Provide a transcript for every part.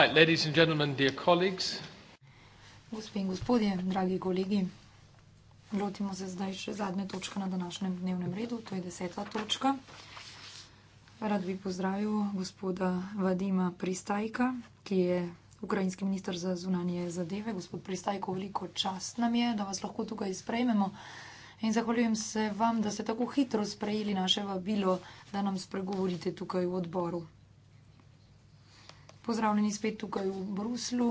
Right, ladies and gentlemen, dear colleagues. Gospe in gospodje, dragi kolegi, lotimo se zdaj še zadnje točke na današnjem dnevnem redu, to je deseta točka. Rad bi pozdravil gospoda Vadima Pristajka, ki je ukrajinski minister za zunanje zadeve. Gospod Pristajko, veliko čast nam je, da vas lahko tukaj sprejmemo. In zahvaljujem se vam, da ste tako hitro sprejeli naše vabilo, da nam spregovorite tukaj v odboru. Pozdravljeni spet tukaj v Bruslu.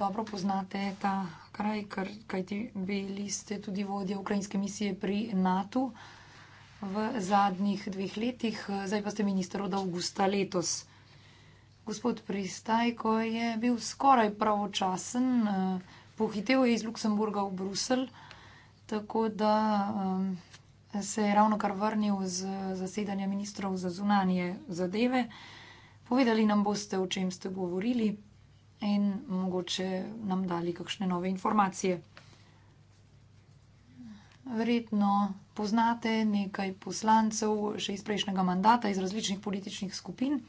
Dobro poznate ta kraj, ker, kajti bili ste tudi vodja ukrajinske misije pri NATO v zadnjih dveh letih, zdaj pa ste minister od avgusta letos. Gospod Pristaj, ko je bil skoraj pravočasen, pohitev je iz Luksemburga v Brusel, tako da um, se je ravno kar vrnil z zasedanja ministrov za zunanje zadeve. Povedali nam boste, o čem ste govorili, in mogoče nam dali kakšne nove informacije. Verjetno poznate nekaj poslancev še iz prejšnjega mandata, iz različnih političnih skupin.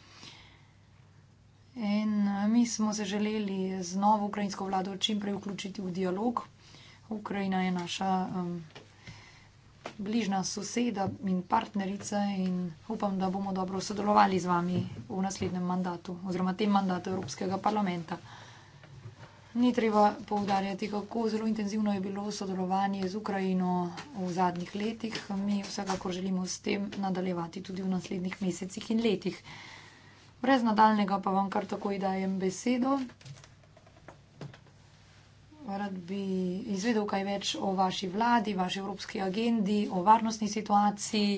In mi smo se želeli z novo ukrajinsko vlado čim prej vključiti v dialog. Ukrajina je naša. Um, bližna soseda in partnerica in upam, da bomo dobro sodelovali z vami v naslednjem mandatu oziroma tem mandatu Evropskega parlamenta. Ni treba povdarjati, kako zelo intenzivno je bilo sodelovanje z Ukrajino v zadnjih letih. Mi vsekakor želimo s tem nadaljevati tudi v naslednjih mesecih in letih. Brez nadaljnega pa vam kar takoj dajem besedo rad bi izvedel kaj več o vaši vladi, vaši evropski agendi, o varnostni situaciji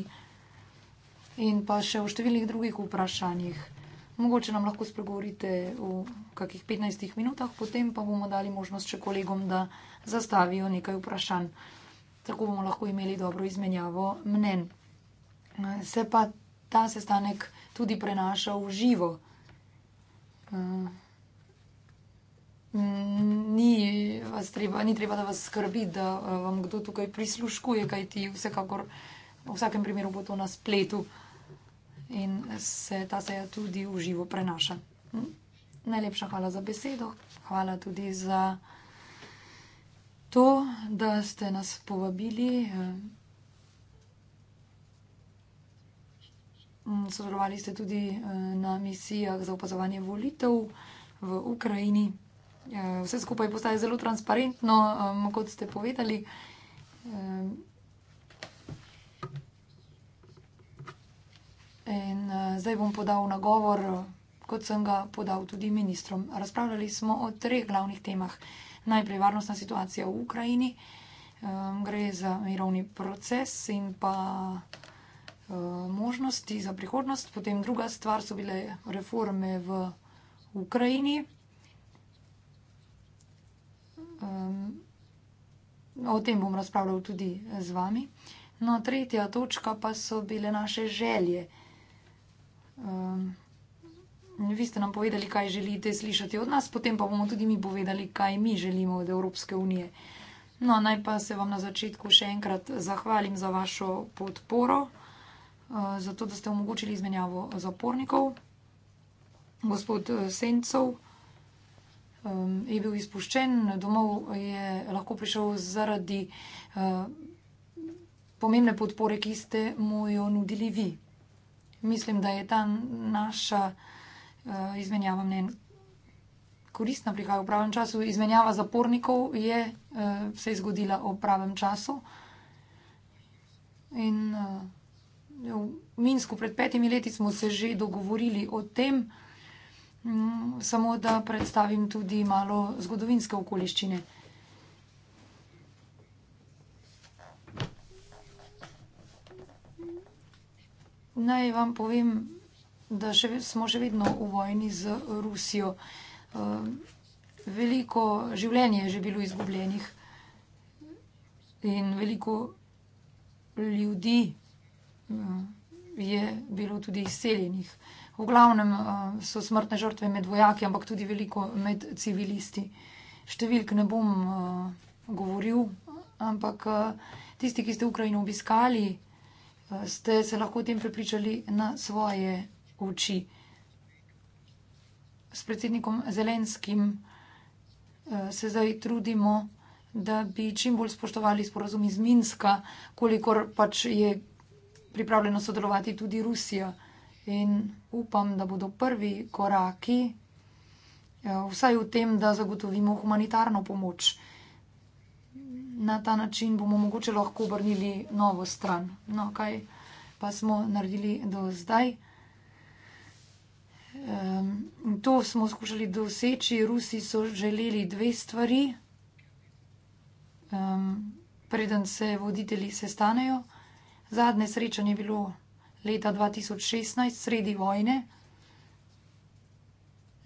in pa še o številnih drugih vprašanjih. Mogoče nam lahko spregovorite v kakih 15 minutah, potem pa bomo dali možnost še kolegom, da zastavijo nekaj vprašanj. Tako bomo lahko imeli dobro izmenjavo mnen. Se pa ta sestanek tudi prenaša v živo. Uh, ni, treba, ni treba, da vas skrbi, da eh, vam kdo tukaj prisluškuje, kaj ti vsekakor v vsakem primeru bo to na spletu in se ta seja tudi v živo prenaša. Hm? Najlepša hvala za besedo, hvala tudi za to, da ste nas povabili. Eh. Hm, sodelovali ste tudi eh, na misijah za opazovanje volitev v Ukrajini. Ja, vse skupaj postaje zelo transparentno, um, kot ste povedali. Um, in, uh, zdaj bom podal nagovor, kot sem ga podal tudi ministrom. Razpravljali smo o treh glavnih temah. Najprej varnostna situacija v Ukrajini, um, gre za mirovni proces in pa uh, možnosti za prihodnost. Potem druga stvar so bile reforme v Ukrajini, um, o tem bom razpravljal tudi z vami. No, tretja točka pa so bile naše želje. Um, vi ste nam povedali, kaj želite slišati od nas, potem pa bomo tudi mi povedali, kaj mi želimo od Evropske unije. No, naj pa se vam na začetku še enkrat zahvalim za vašo podporo, uh, za to, da ste omogočili izmenjavo zapornikov, gospod eh, Sencov um, je bil izpuščen, domov je lahko prišel zaradi uh, pomembne podpore, ki ste mu jo nudili vi. Mislim, da je ta naša uh, izmenjava mnen koristna, prihaja v pravem času. Izmenjava zapornikov je uh, se zgodila v pravem času. In uh, v Minsku pred petimi leti smo se že dogovorili o tem, Mm, samo da predstavim tudi malo zgodovinske okoliščine. Naj vam povem, da še, smo še vedno v vojni z Rusijo. Ehm, veliko življenje je že bilo izgubljenih in veliko ljudi ehm, je bilo tudi izseljenih. V glavnem eh, so smrtne žrtve med vojaki, ampak tudi veliko med civilisti. Številk ne bom eh, govoril, ampak eh, tisti, ki ste Ukrajino obiskali, ste se lahko o tem prepričali na svoje oči. S predsednikom Zelenskim se zdaj trudimo, da bi čim bolj spoštovali sporazum iz Minska, kolikor pač je pripravljeno sodelovati tudi Rusija in upam, da bodo prvi koraki eh, vsaj v tem, da zagotovimo humanitarno pomoč. Na ta način bomo mogoče lahko obrnili novo stran. No, kaj pa smo naredili do zdaj? Um, to smo skušali doseči. Rusi so želeli dve stvari, um, preden se voditelji sestanejo. Zadnje srečanje je bilo leta 2016, sredi vojne.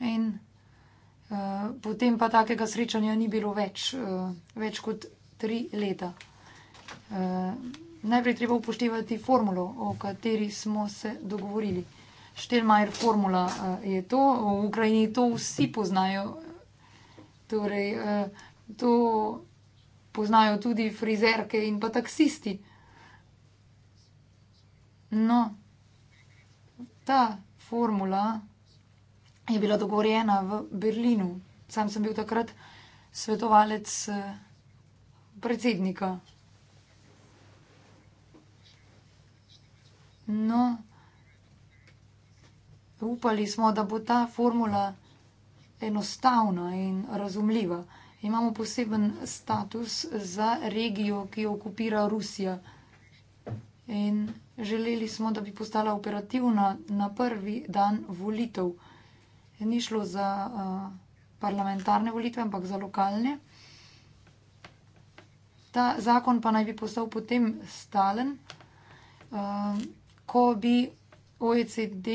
In uh, potem pa takega srečanja ni bilo več, uh, več kot tri leta. Uh, najprej treba upoštevati formulo, o kateri smo se dogovorili. Štelmajer formula uh, je to, v Ukrajini to vsi poznajo. Torej, uh, to poznajo tudi frizerke in pa taksisti. Uh, No, ta formula je bila dogovorjena v Berlinu. Sam sem bil takrat svetovalec eh, predsednika. No, upali smo, da bo ta formula enostavna in razumljiva. Imamo poseben status za regijo, ki jo okupira Rusija. In Želeli smo, da bi postala operativna na prvi dan volitev. Ni šlo za uh, parlamentarne volitve, ampak za lokalne. Ta zakon pa naj bi postal potem stalen, uh, ko bi OECD,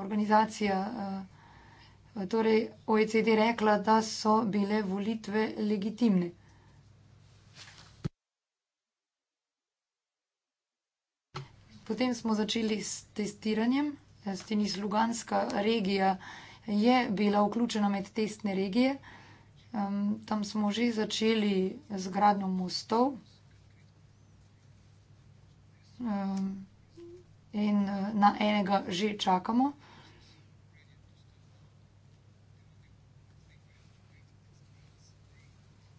organizacija, uh, torej OECD rekla, da so bile volitve legitimne. Potem smo začeli s testiranjem, s tem iz Luganska regija je bila vključena med testne regije. Tam smo že začeli z gradnjo mostov in eh, na enega že čakamo.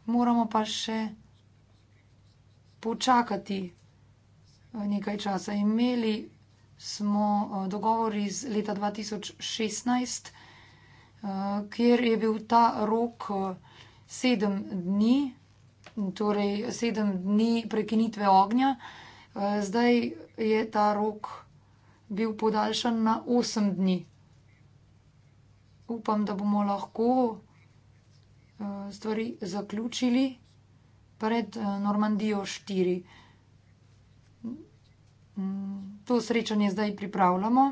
Moramo pa še počakati, nekaj časa. Imeli smo eh, dogovor iz leta 2016, eh, kjer je bil ta rok eh, sedem dni, torej sedem dni prekinitve ognja. Zdaj je ta rok bil podaljšan na osem dni. Upam, da bomo lahko stvari zaključili pred Normandijo 4 to srečanje zdaj pripravljamo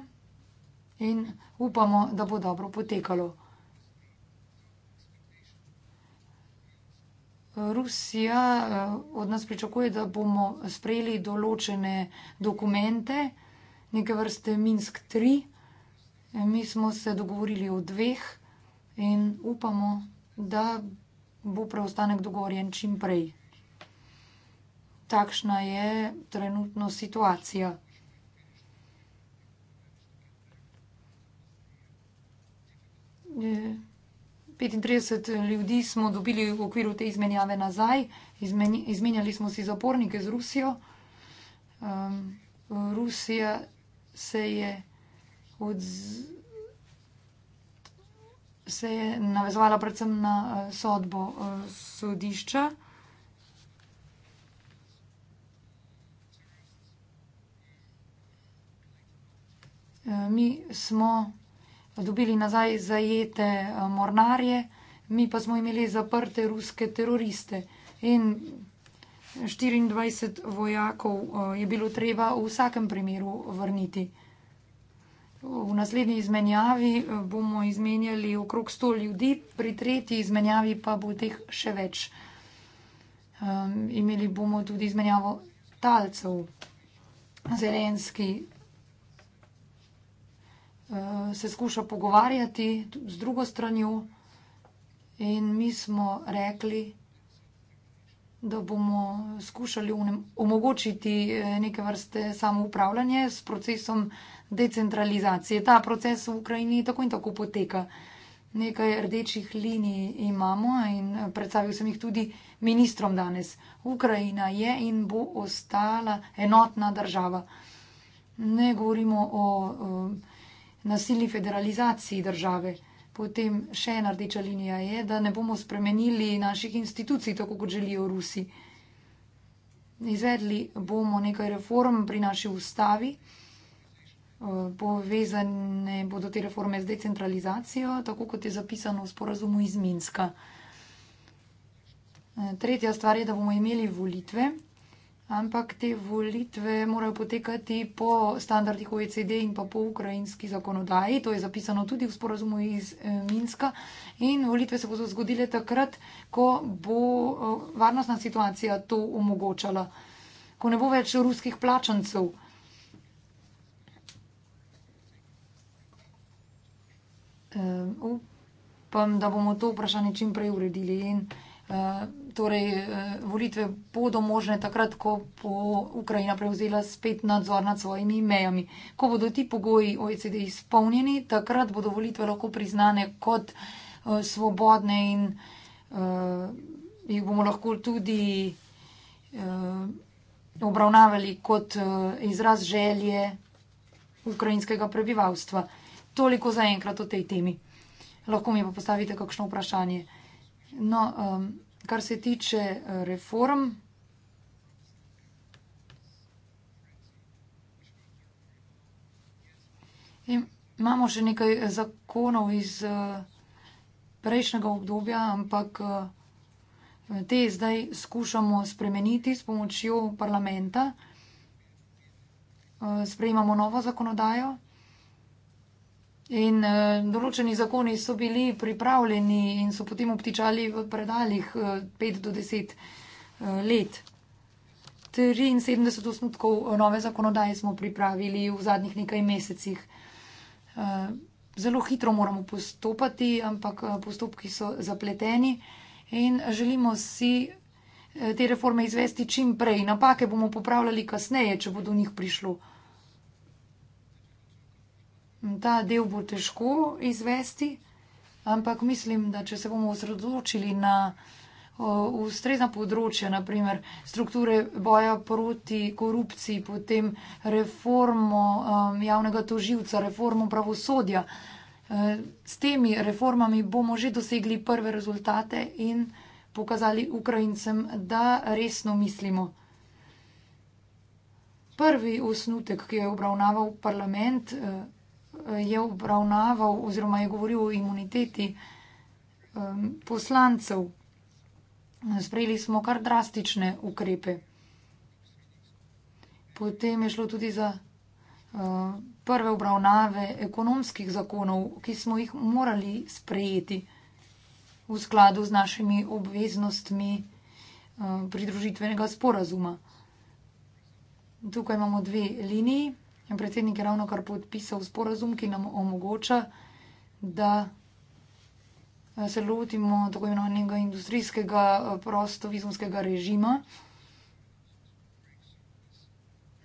in upamo, da bo dobro potekalo. Rusija eh, od nas pričakuje, da bomo sprejeli določene dokumente, neke vrste Minsk 3. Mi smo se dogovorili o dveh in upamo, da bo preostanek dogovorjen čim prej takšna je trenutno situacija. E, 35 ljudi smo dobili v okviru te izmenjave nazaj, Izmeni, izmenjali smo si zapornike z Rusijo. Um, Rusija se je, odz... se je navezovala predvsem na uh, sodbo uh, sodišča. Eh, mi smo dobili nazaj zajete eh, mornarje, mi pa smo imeli zaprte ruske teroriste. In 24 vojakov eh, je bilo treba v vsakem primeru vrniti. V naslednji izmenjavi bomo izmenjali okrog 100 ljudi, pri tretji izmenjavi pa bo teh še več. Um, imeli bomo tudi izmenjavo talcev. Zelenski Eh, se skuša pogovarjati z drugo stranjo in mi smo rekli, da bomo skušali omogočiti eh, neke vrste samoupravljanje s procesom decentralizacije. Ta proces v Ukrajini tako in tako poteka. Nekaj rdečih linij imamo in eh, predstavil sem jih tudi ministrom danes. Ukrajina je in bo ostala enotna država. Ne govorimo o, o nasilni federalizaciji države. Potem še ena rdeča linija je, da ne bomo spremenili naših institucij, tako kot želijo Rusi. Izvedli bomo nekaj reform pri naši ustavi, eh, povezane bodo te reforme z decentralizacijo, tako kot je zapisano v sporazumu iz Minska. Eh, tretja stvar je, da bomo imeli volitve. Ampak te volitve morajo potekati po standardih OECD in pa po ukrajinski zakonodaji. To je zapisano tudi v sporazumu iz eh, Minska. In volitve se bodo zgodile takrat, ko bo eh, varnostna situacija to omogočala, ko ne bo več ruskih plačancev. Eh, upam, da bomo to vprašanje čim prej uredili. In Eh, torej, eh, volitve bodo možne takrat, ko bo Ukrajina prevzela spet nadzor nad svojimi mejami. Ko bodo ti pogoji OECD izpolnjeni, takrat bodo volitve lahko priznane kot eh, svobodne in uh, jih bomo lahko tudi uh, obravnavali kot uh, izraz želje ukrajinskega prebivalstva. Toliko za enkrat o tej temi. Lahko mi pa postavite kakšno vprašanje. No, um, kar se tiče eh, reform, imamo še nekaj eh, zakonov iz eh, prejšnjega obdobja, ampak te zdaj skušamo spremeniti s pomočjo parlamenta. Sprejemamo novo zakonodajo. In uh, določeni zakoni so bili pripravljeni in so potem obtičali v predaljih 5 uh, eh, do 10 uh, eh, let. 73 osnutkov nove zakonodaje smo pripravili v zadnjih nekaj mesecih. Zelo hitro moramo postopati, ampak postopki so zapleteni in želimo si te reforme izvesti čim prej. Napake bomo popravljali kasneje, če bo do njih prišlo. Ta del bo težko izvesti, ampak mislim, da če se bomo osredotočili na ustrezna področja, naprimer strukture boja proti korupciji, potem reformo um, javnega toživca, reformo pravosodja, eh, s temi reformami bomo že dosegli prve rezultate in pokazali Ukrajincem, da resno mislimo. Prvi osnutek, ki je obravnaval parlament, eh, Eh, je obravnaval oziroma je govoril o imuniteti poslancev. Sprejeli smo kar drastične ukrepe. Potem je šlo tudi za eh, prve obravnave ekonomskih zakonov, ki smo jih morali sprejeti v skladu z našimi obveznostmi eh, pridružitvenega sporazuma. Tukaj imamo dve liniji. Predsednik je ravno kar podpisal sporazum, ki nam omogoča, da eh, se lotimo tako imenovanega industrijskega eh, prostovizumskega režima.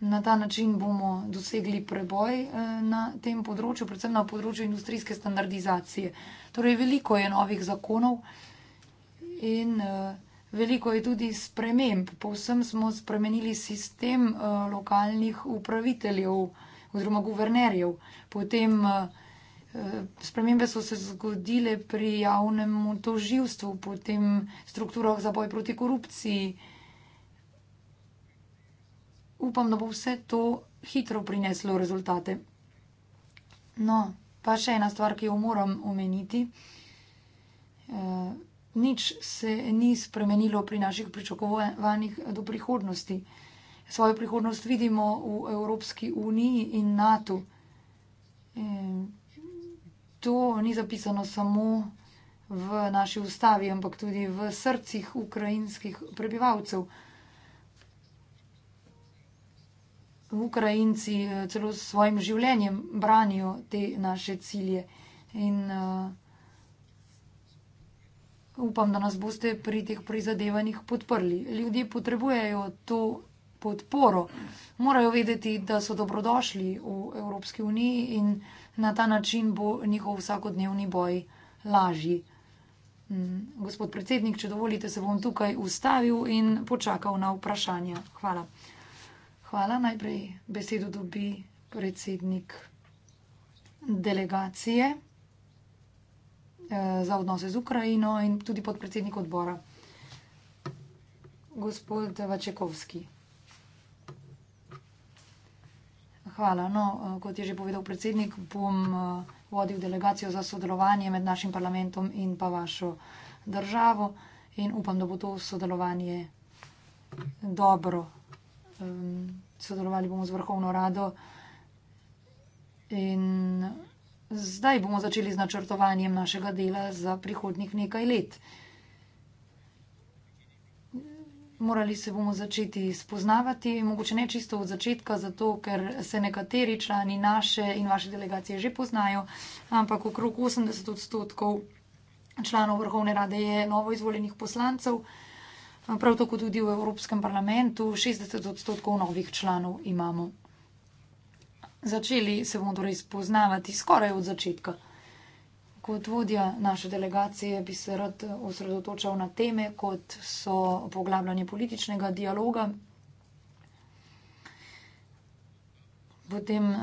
Na ta način bomo dosegli preboj eh, na tem področju, predvsem na področju industrijske standardizacije. Torej, veliko je novih zakonov in uh, Veliko je tudi sprememb. Povsem smo spremenili sistem uh, lokalnih upraviteljev oziroma guvernerjev. Potem uh, spremembe so se zgodile pri javnem toživstvu, potem strukturah za boj proti korupciji. Upam, da bo vse to hitro prineslo rezultate. No, pa še ena stvar, ki jo moram omeniti. Uh, nič se ni spremenilo pri naših pričakovanjih do prihodnosti. Svojo prihodnost vidimo v Evropski uniji in NATO. E, to ni zapisano samo v naši ustavi, ampak tudi v srcih ukrajinskih prebivalcev. Ukrajinci e, celo s svojim življenjem branijo te naše cilje in uh, upam, da nas boste pri teh prizadevanjih podprli. Ljudje potrebujejo to podporo. Morajo vedeti, da so dobrodošli v Evropski uniji in na ta način bo njihov vsakodnevni boj lažji. Mm, gospod predsednik, če dovolite, se bom tukaj ustavil in počakal na vprašanja. Hvala. Hvala. Najprej besedo dobi predsednik delegacije. Eh, za odnose z Ukrajino in tudi podpredsednik odbora, gospod Vačekovski. Hvala. No, eh, kot je že povedal predsednik, bom eh, vodil delegacijo za sodelovanje med našim parlamentom in pa vašo državo in upam, da bo to sodelovanje dobro. Sodelovali bomo z vrhovno rado in zdaj bomo začeli z načrtovanjem našega dela za prihodnih nekaj let. Morali se bomo začeti spoznavati, mogoče ne čisto od začetka, zato ker se nekateri člani naše in vaše delegacije že poznajo, ampak okrog 80 odstotkov članov Vrhovne rade je novo izvoljenih poslancev, prav tako tudi v Evropskem parlamentu 60 odstotkov novih članov imamo začeli se bomo torej spoznavati skoraj od začetka. Kot vodja naše delegacije bi se rad osredotočal na teme, kot so poglabljanje političnega dialoga, potem eh,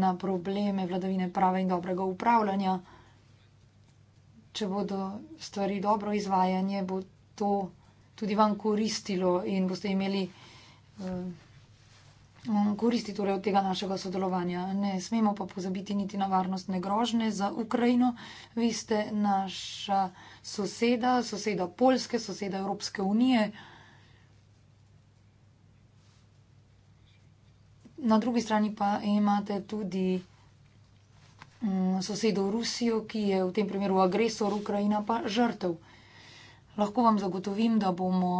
na probleme vladavine prava in dobrega upravljanja. Če bodo stvari dobro izvajanje, bo to tudi vam koristilo in boste imeli. Uh, Mm, koristi torej od tega našega sodelovanja. Ne smemo pa pozabiti niti na varnostne grožne za Ukrajino. Vi ste naša soseda, soseda Poljske, soseda Evropske unije. Na drugi strani pa imate tudi mm, sosedo Rusijo, ki je v tem primeru agresor Ukrajina, pa žrtev. Lahko vam zagotovim, da bomo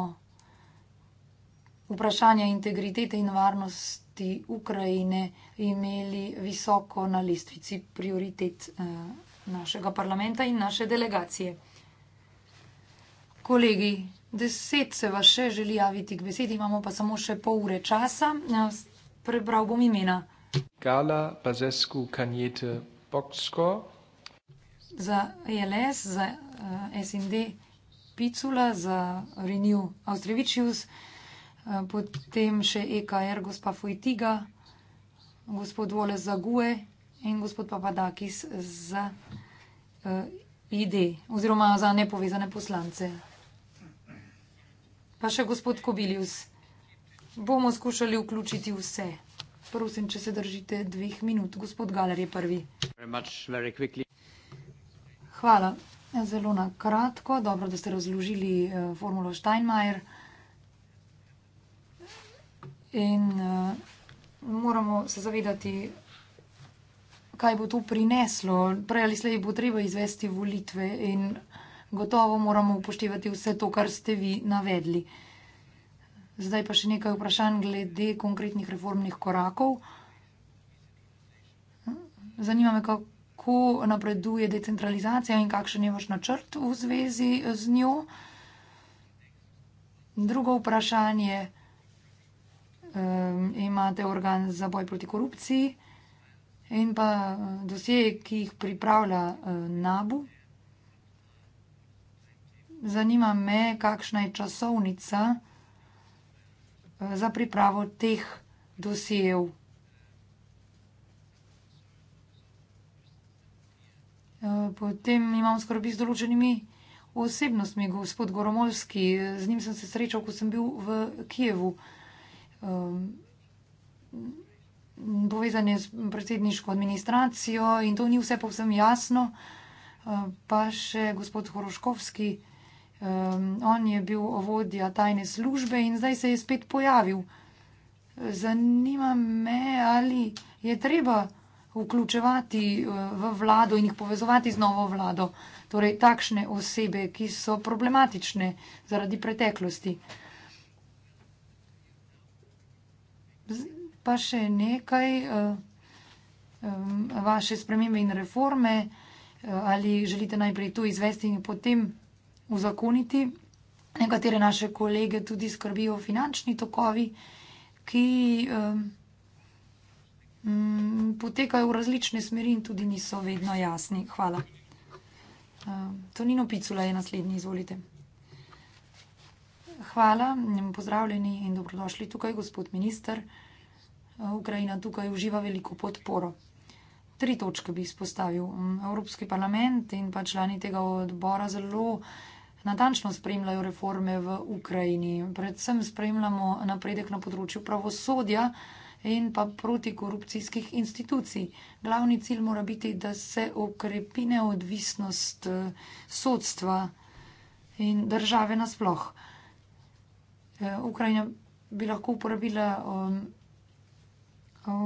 vprašanja integritete in varnosti Ukrajine imeli visoko na lestvici prioritet eh, našega parlamenta in naše delegacije. Kolegi, deset se vas še želi javiti k besedi, imamo pa samo še pol ure časa. Eh, prebral bom imena. Gala Bazescu Kanjete Boksko. Za ELS, za eh, SND Picula, za Renew Austrevičius. Eh, potem še EKR, gospa Fujtiga, gospod Vole Zague in gospod Papadakis z uh, eh, ID oziroma za nepovezane poslance. Pa še gospod Kobilius. Bomo skušali vključiti vse. Prosim, če se držite dveh minut. Gospod Galer je prvi. Hvala. Zelo na kratko. Dobro, da ste razložili eh, formulo Steinmeier. In uh, moramo se zavedati, kaj bo to prineslo. Prej ali slej bo treba izvesti volitve in gotovo moramo upoštevati vse to, kar ste vi navedli. Zdaj pa še nekaj vprašanj glede konkretnih reformnih korakov. Zanima me, kako napreduje decentralizacija in kakšen je vaš načrt v zvezi z njo. Drugo vprašanje je, um, imate organ za boj proti korupciji in pa eh, dosjeje, ki jih pripravlja uh, NABU. Zanima me, kakšna je časovnica uh, za pripravo teh dosjejev. Potem imam skrbi z določenimi osebnostmi, gospod Goromovski, z njim sem se srečal, ko sem bil v Kijevu. Uh, um, povezane s predsedniško administracijo in to ni vse povsem jasno. Uh, pa še gospod Horoškovski, um, on je bil vodja tajne službe in zdaj se je spet pojavil. Zanima me, ali je treba vključevati uh, v vlado in jih povezovati z novo vlado, torej takšne osebe, ki so problematične zaradi preteklosti. Pa še nekaj eh, eh, vaše spremembe in reforme, eh, ali želite najprej to izvesti in potem uzakoniti. Nekatere naše kolege tudi skrbijo finančni tokovi, ki um, potekajo v različne smeri in tudi niso vedno jasni. Hvala. Um, Tonino Picula je naslednji, izvolite. Hvala. Pozdravljeni in dobrodošli tukaj, gospod minister. Ukrajina tukaj uživa veliko podporo. Tri točke bi izpostavil. Evropski parlament in pa člani tega odbora zelo natančno spremljajo reforme v Ukrajini. Predvsem spremljamo napredek na področju pravosodja in pa protikorupcijskih institucij. Glavni cilj mora biti, da se okrepine odvisnost eh, sodstva in države nasploh. Eh, Ukrajina bi lahko uporabila um,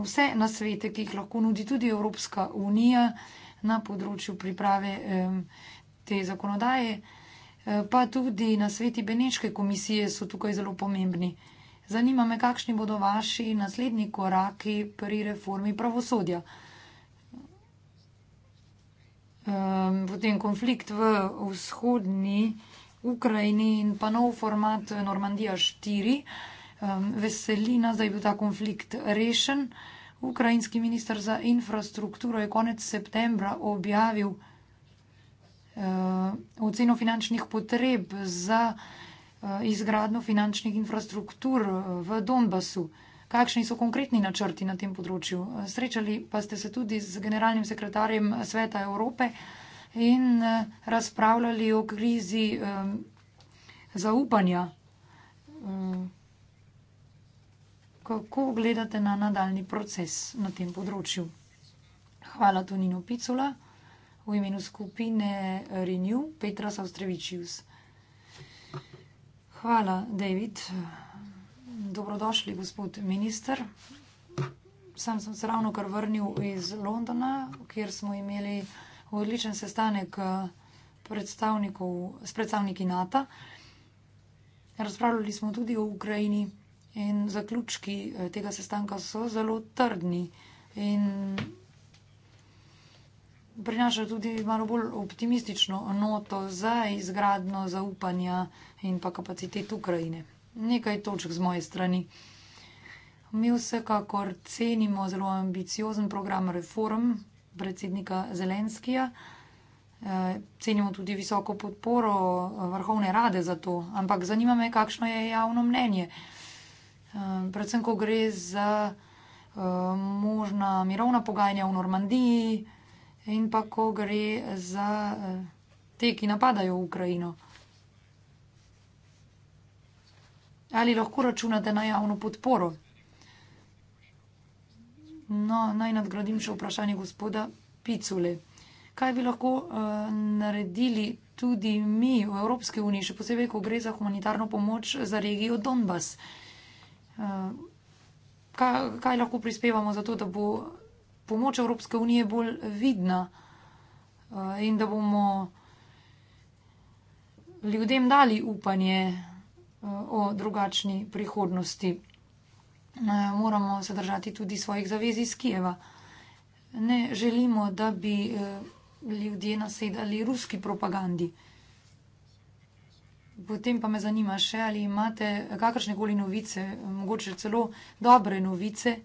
vse nasvete, ki jih lahko nudi tudi Evropska unija na področju priprave um, te zakonodaje, eh, pa tudi nasveti Beneške komisije so tukaj zelo pomembni. Zanima me, kakšni bodo vaši naslednji koraki pri reformi pravosodja. Um, potem konflikt v vzhodni. Ukrajini in pa nov format Normandija 4. Um, veseli nas, da je bil ta konflikt rešen. Ukrajinski minister za infrastrukturo je konec septembra objavil uh, oceno finančnih potreb za uh, eh, izgradno finančnih infrastruktur eh, v Donbasu. Kakšni so konkretni načrti na tem področju? Srečali pa ste se tudi z generalnim sekretarjem Sveta Evrope. Uh, in eh, razpravljali o krizi um, zaupanja. Um, kako gledate na nadaljni proces na tem področju? Hvala Tonino Picula v imenu skupine Renew Petra Saustrevičius. Hvala, David. Dobrodošli, gospod minister. Sam sem se ravno kar vrnil iz Londona, kjer smo imeli odličen sestanek eh, s predstavniki NATO. Razpravljali smo tudi o Ukrajini in zaključki eh, tega sestanka so zelo trdni in prinašajo tudi malo bolj optimistično noto za izgradno zaupanja in pa kapacitet Ukrajine. Nekaj točk z moje strani. Mi vsekakor cenimo zelo ambiciozen program reform predsednika Zelenskija. Eh, cenimo tudi visoko podporo eh, vrhovne rade za to, ampak zanima me, kakšno je javno mnenje. Eh, predvsem, ko gre za možna mirovna pogajanja v Normandiji in pa ko gre za te, ki napadajo Ukrajino. Ali lahko računate na javno podporo No, naj nadgradim še vprašanje gospoda Picule. Kaj bi lahko uh, naredili tudi mi v Evropski uniji, še posebej, ko gre za humanitarno pomoč za regijo Donbas? Uh, eh, kaj, kaj lahko prispevamo za to, da bo pomoč Evropske unije bolj vidna uh, in da bomo ljudem dali upanje uh, o drugačni prihodnosti? moramo zadržati tudi svojih zavez iz Kijeva. Ne želimo, da bi eh, ljudje nasedali ruski propagandi. Potem pa me zanima še, ali imate kakršne koli novice, mogoče celo dobre novice,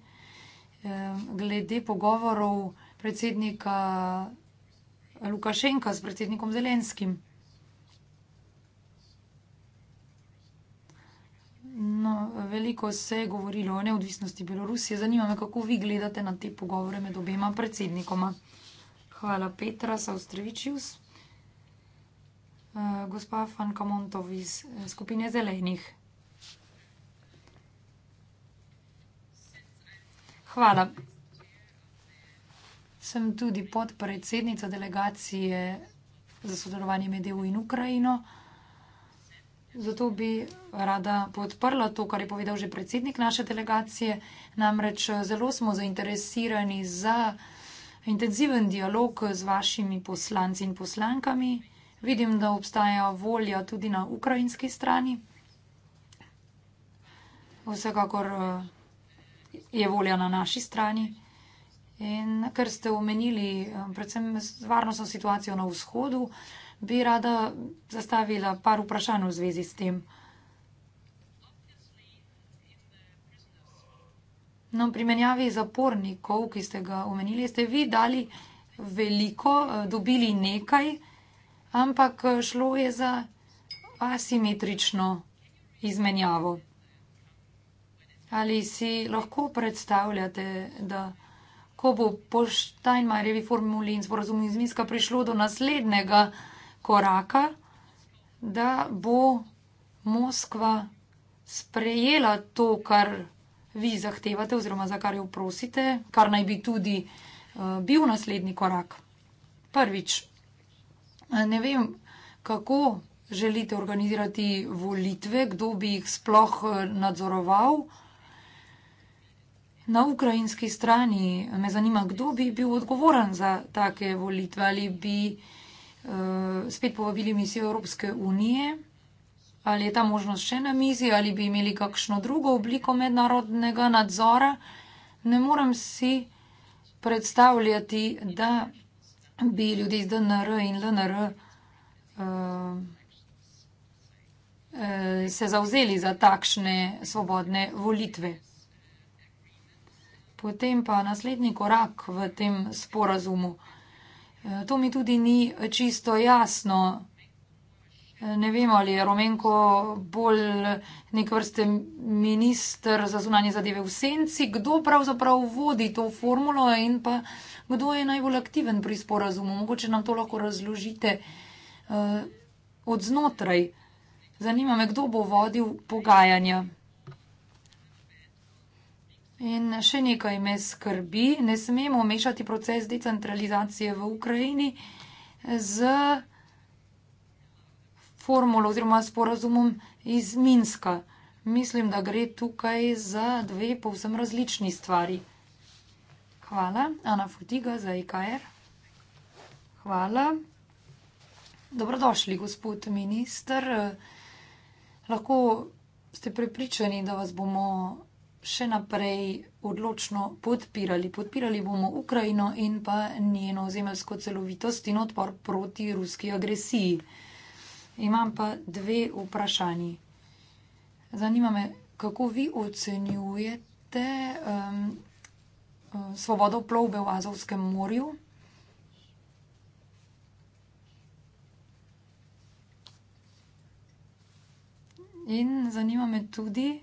eh, glede pogovorov predsednika Lukašenka s predsednikom Zelenskim. No, veliko se je govorilo o neodvisnosti Belorusije. Zanima me, kako vi gledate na te pogovore med obema predsednikoma. Hvala, Petra Saustrevičius. Uh, eh, gospa Fanka Montov iz eh, skupine Zelenih. Hvala. Sem tudi podpredsednica delegacije za sodelovanje med EU in Ukrajino. Uh, zato bi rada podprla to, kar je povedal že predsednik naše delegacije. Namreč eh, zelo smo zainteresirani za intenziven dialog z vašimi poslanci in poslankami. Vidim, da obstaja volja tudi na ukrajinski strani. Vsekakor eh, je volja na naši strani. In ker ste omenili eh, predvsem varnostno situacijo na vzhodu, bi rada zastavila par vprašanj v zvezi s tem. No, pri menjavi zapornikov, ki ste ga omenili, ste vi dali veliko, eh, dobili nekaj, ampak eh, šlo je za asimetrično izmenjavo. Ali si lahko predstavljate, da ko bo po Steinmeierjevi formuli in sporazumu iz Minska prišlo do naslednjega, koraka, da bo Moskva sprejela to, kar vi zahtevate, oziroma za kar jo prosite, kar naj bi tudi eh, bil naslednji korak. Prvič, ne vem, kako želite organizirati volitve, kdo bi jih sploh eh, nadzoroval. Na ukrajinski strani me zanima, kdo bi bil odgovoren za take volitve ali bi. Eh, spet povabili misijo Evropske unije. Ali je ta možnost še na mizi, ali bi imeli kakšno drugo obliko mednarodnega nadzora? Ne morem si predstavljati, da bi ljudje iz DNR in LNR uh, eh, eh, se zauzeli za takšne svobodne volitve. Potem pa naslednji korak v tem sporazumu. Uh, Eh, to mi tudi ni eh, čisto jasno. Eh, ne vemo, ali je Romenko bolj nek vrste minister za zunanje zadeve v senci, kdo pravzaprav vodi to formulo in pa kdo je najbolj aktiven pri sporazumu. Mogoče nam to lahko razložite od znotraj. Zanima me, kdo bo vodil pogajanja. In še nekaj me skrbi, ne smemo mešati proces decentralizacije v Ukrajini z formulo oziroma sporazumom iz Minska. Mislim, da gre tukaj za dve povsem različni stvari. Hvala, Ana Futiga za IKR. E Hvala. Dobrodošli, gospod minister. Lahko ste prepričani, da vas bomo še naprej odločno podpirali. Podpirali bomo Ukrajino in pa njeno zemeljsko celovitost in odpor proti ruski agresiji. Imam pa dve vprašanji. Zanima me, kako vi ocenjujete um, uh, svobodo plovbe v Azovskem morju? In zanima me tudi,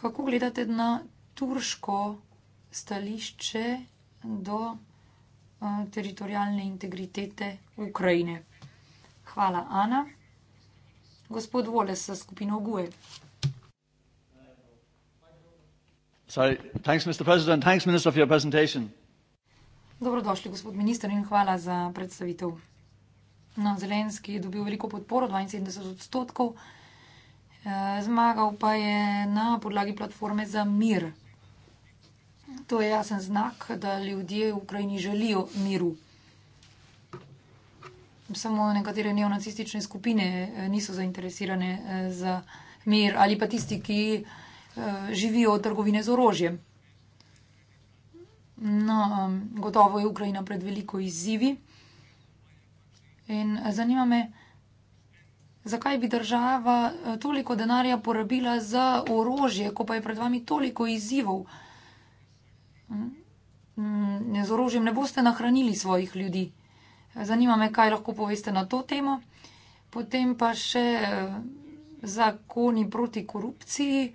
Kako gledate na turško stališče do uh, eh, teritorijalne integritete Ukrajine? Hvala, Ana. Gospod Vole, sa skupino Guje. Dobrodošli, gospod minister, in hvala za predstavitev. No, Zelenski je dobil veliko podporo, 72 odstotkov. Eh, zmagal pa je na podlagi platforme za mir. To je jasen znak, da ljudje v Ukrajini želijo miru. Samo nekatere neonacistične skupine eh, niso zainteresirane eh, za mir ali pa tisti, ki živijo od trgovine z orožjem. No, gotovo je Ukrajina pred veliko izzivi. In zanima me, zakaj bi država eh, toliko denarja porabila za orožje, ko pa je pred vami toliko izzivov. Mm, mm, z orožjem ne boste nahranili svojih ljudi. Zanima me, kaj lahko poveste na to temo. Potem pa še eh, zakoni proti korupciji.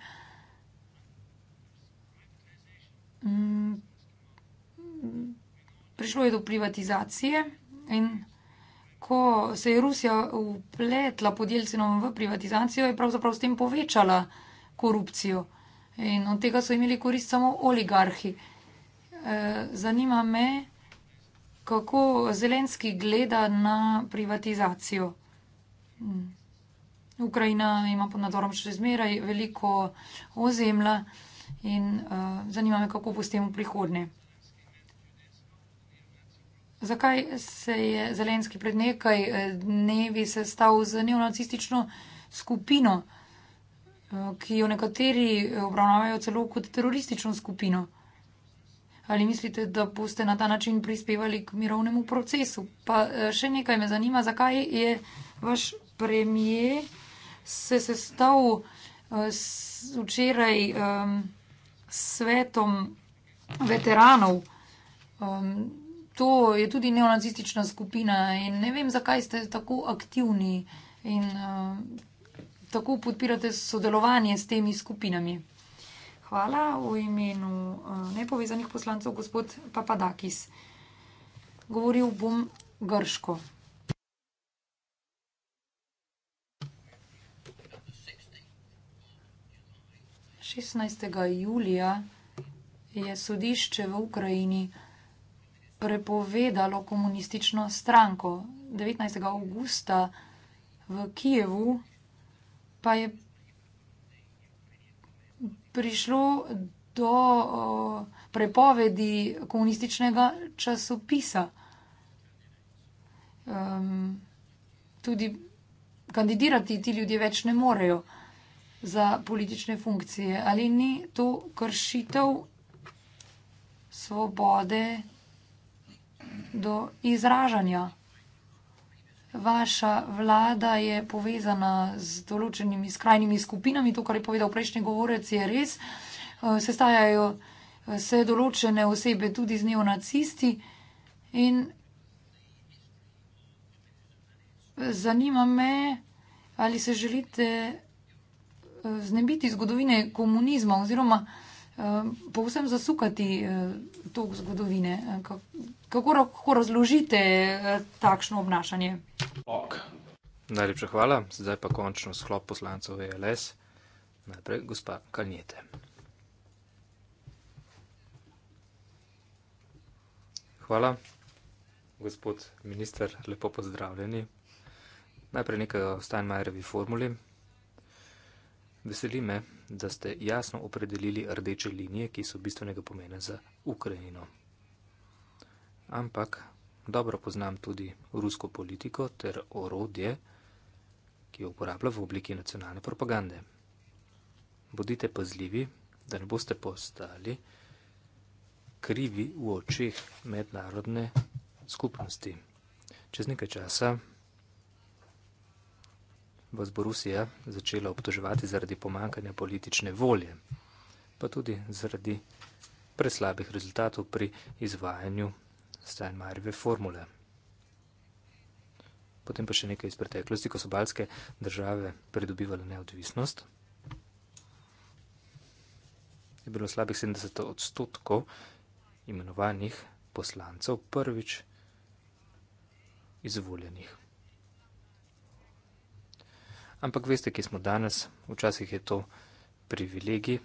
Mm, prišlo je do privatizacije in ko se je Rusija upletla pod Jelcinom v privatizacijo, je pravzaprav s tem povečala korupcijo. In od tega so imeli korist samo oligarhi. E, zanima me, kako Zelenski gleda na privatizacijo. Hm. Ukrajina ima pod nadzorom še zmeraj veliko ozemlja in e, zanima me, kako bo s tem v prihodnje. Zakaj se je Zelenski pred nekaj eh, dnevi sestal z neonacistično skupino, eh, ki jo nekateri eh, obravnavajo celo kot teroristično skupino? Ali mislite, da boste na ta način prispevali k mirovnemu procesu? Pa še nekaj me zanima, zakaj je vaš premije se sestal včeraj s svetom veteranov? to je tudi neonacistična skupina in ne vem, zakaj ste tako aktivni in uh, tako podpirate sodelovanje s temi skupinami. Hvala v imenu uh, nepovezanih poslancev, gospod Papadakis. Govoril bom grško. Šestnajstega julija je sodišče v Ukrajini prepovedalo komunistično stranko. 19. augusta v Kijevu pa je prišlo do prepovedi komunističnega časopisa. Tudi kandidirati ti ljudje več ne morejo za politične funkcije. Ali ni to kršitev svobode? do izražanja. Vaša vlada je povezana z določenimi skrajnimi skupinami, to, kar je povedal prejšnji govorec, je res. Eh, sestajajo eh, se določene osebe tudi z neonacisti in zanima me, ali se želite eh, znebiti zgodovine komunizma oziroma komunizma povsem zasukati eh, tok zgodovine. Eh, kako, kako razložite eh, takšno obnašanje? Ok. Najlepša hvala. Zdaj pa končno sklop poslancev VLS. E Najprej gospa Kanjete. Hvala, gospod minister, lepo pozdravljeni. Najprej nekaj o Steinmeierovi formuli. Veseli me, da ste jasno opredelili rdeče linije, ki so bistvenega pomena za Ukrajino. Ampak dobro poznam tudi rusko politiko ter orodje, ki jo uporablja v obliki nacionalne propagande. Bodite pazljivi, da ne boste postali krivi v očeh mednarodne skupnosti. Čez nekaj časa vas bo Rusija začela obtoževati zaradi pomankanja politične volje, pa tudi zaradi preslabih rezultatov pri izvajanju Steinmeierjeve formule. Potem pa še nekaj iz preteklosti, ko so balske države pridobivali neodvisnost. Je bilo slabih 70 odstotkov imenovanih poslancev prvič izvoljenih. Ampak veste, ki smo danes, včasih je to privilegij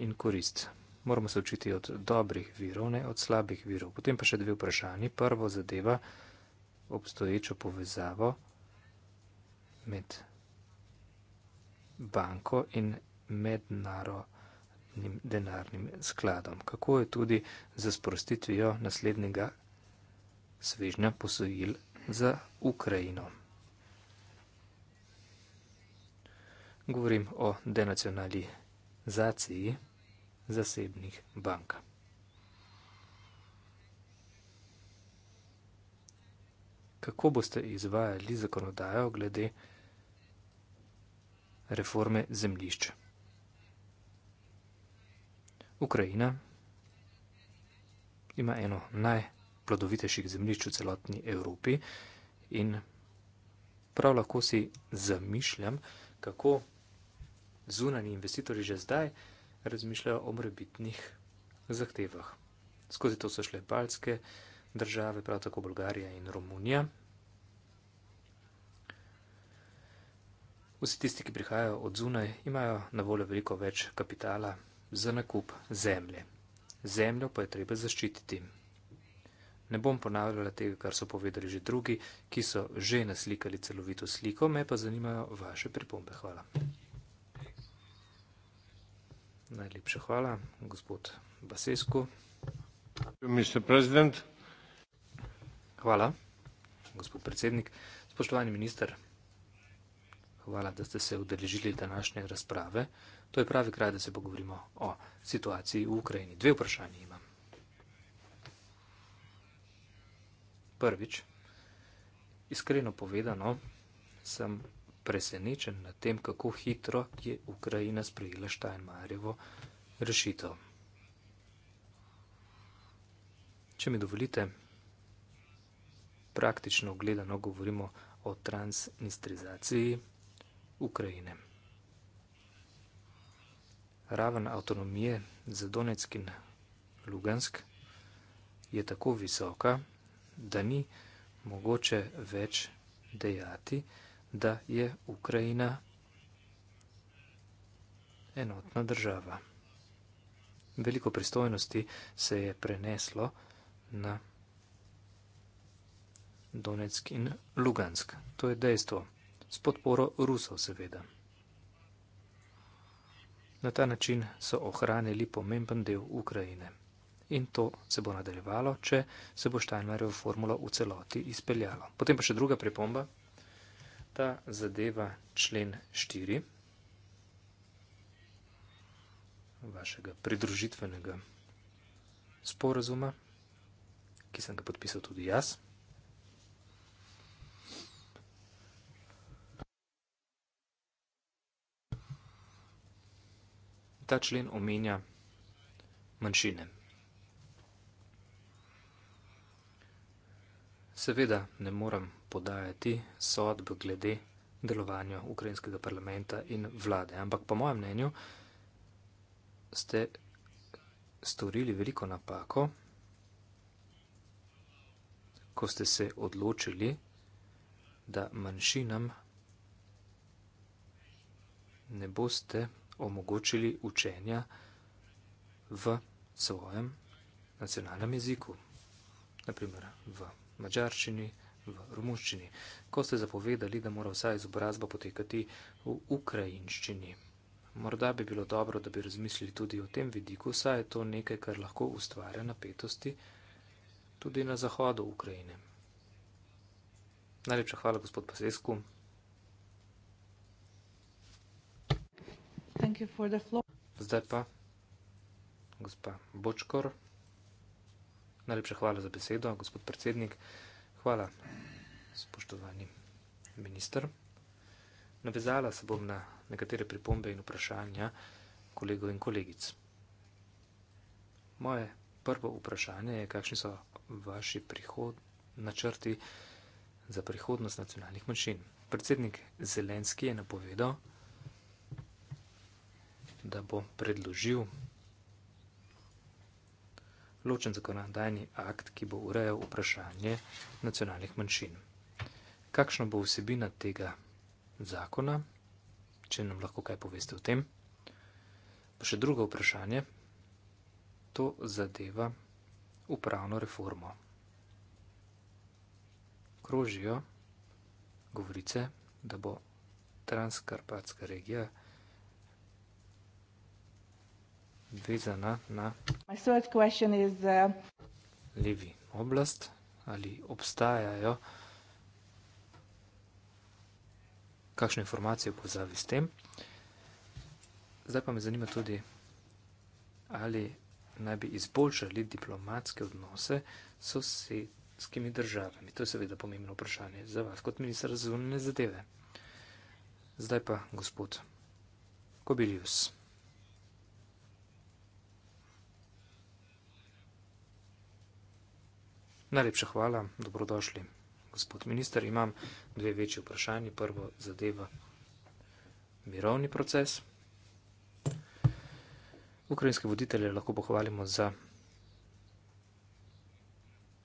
in korist. Moramo se učiti od dobrih virov, ne od slabih virov. Potem pa še dve vprašanje. Prvo zadeva obstoječo povezavo med banko in mednarodnim denarnim skladom. Kako je tudi za sprostitvijo naslednjega svežnja posojil za Ukrajino? govorim o denacionalizaciji zasebnih bank. Kako boste izvajali zakonodajo glede reforme zemljišč? Ukrajina ima eno najplodovitejših zemljišč v celotni Evropi in prav lahko si zamišljam, kako zunani investitorji že zdaj razmišljajo o morebitnih zahtevah. Skozi to so šle baltske države, prav tako Bolgarija in Romunija. Vsi tisti, ki prihajajo od zunaj, imajo na voljo veliko več kapitala za nakup zemlje. Zemljo pa je treba zaščititi. Ne bom ponavljala tega, kar so povedali že drugi, ki so že naslikali celovito sliko, me pa zanimajo vaše pripombe. Hvala. Najlepša hvala. Gospod Basescu. Hvala, gospod predsednik. Spoštovani minister, hvala, da ste se udeležili današnje razprave. To je pravi kraj, da se pogovorimo o situaciji v Ukrajini. Dve vprašanje imam. Prvič, iskreno povedano, sem presenečen nad tem, kako hitro je Ukrajina sprejela Štajnmajerjevo rešitev. Če mi dovolite, praktično gledano govorimo o transnistrizaciji Ukrajine. Raven avtonomije za Donetsk in Lugansk je tako visoka, da ni mogoče več dejati, da je da je Ukrajina enotna država. Veliko pristojnosti se je preneslo na Donetsk in Lugansk. To je dejstvo. S podporo Rusov, seveda. Na ta način so ohranili pomemben del Ukrajine. In to se bo nadaljevalo, če se bo Steinmeierjevo formulo v celoti izpeljalo. Potem pa še druga pripomba ta zadeva člen 4 vašega pridružitvenega sporazuma, ki sem ga podpisal tudi jaz. Ta člen omenja manjšine. Seveda ne morem podajati sodb glede delovanja ukrajinskega parlamenta in vlade. Ampak po mojem mnenju ste storili veliko napako, ko ste se odločili, da manjšinam ne boste omogočili učenja v svojem nacionalnem jeziku, naprimer v mačarščini, v rumunščini, ko ste zapovedali, da mora vsa izobrazba potekati v ukrajinščini. Morda bi bilo dobro, da bi razmislili tudi o tem vidiku, saj je to nekaj, kar lahko ustvarja napetosti tudi na zahodu Ukrajine. Najlepša hvala, gospod Pasesku. Zdaj pa, gospa Bočkor, najlepša hvala za besedo, gospod predsednik. Hvala, spoštovani minister. Navezala se bom na nekatere pripombe in vprašanja kolegov in kolegic. Moje prvo vprašanje je, kakšni so vaši prihod, načrti za prihodnost nacionalnih manjšin. Predsednik Zelenski je napovedal, da bo predložil ločen zakonodajni akt, ki bo urejal vprašanje nacionalnih manjšin. Kakšna bo vsebina tega zakona, če nam lahko kaj poveste o tem? Pa še drugo vprašanje, to zadeva upravno reformo. Krožijo govorice, da bo transkarpatska regija vsega, vezana na uh, levi oblast, ali obstajajo kakšne informacije v pozavi s tem. Zdaj pa me zanima tudi, ali naj bi izboljšali diplomatske odnose s sosedskimi državami. To je seveda pomembno vprašanje za vas kot ministra zunanje zadeve. Zdaj pa gospod Kobilius. Najlepša hvala, dobrodošli. Gospod minister, imam dve večji vprašanji. Prvo zadeva mirovni proces. Ukrajinske voditelje lahko pohvalimo za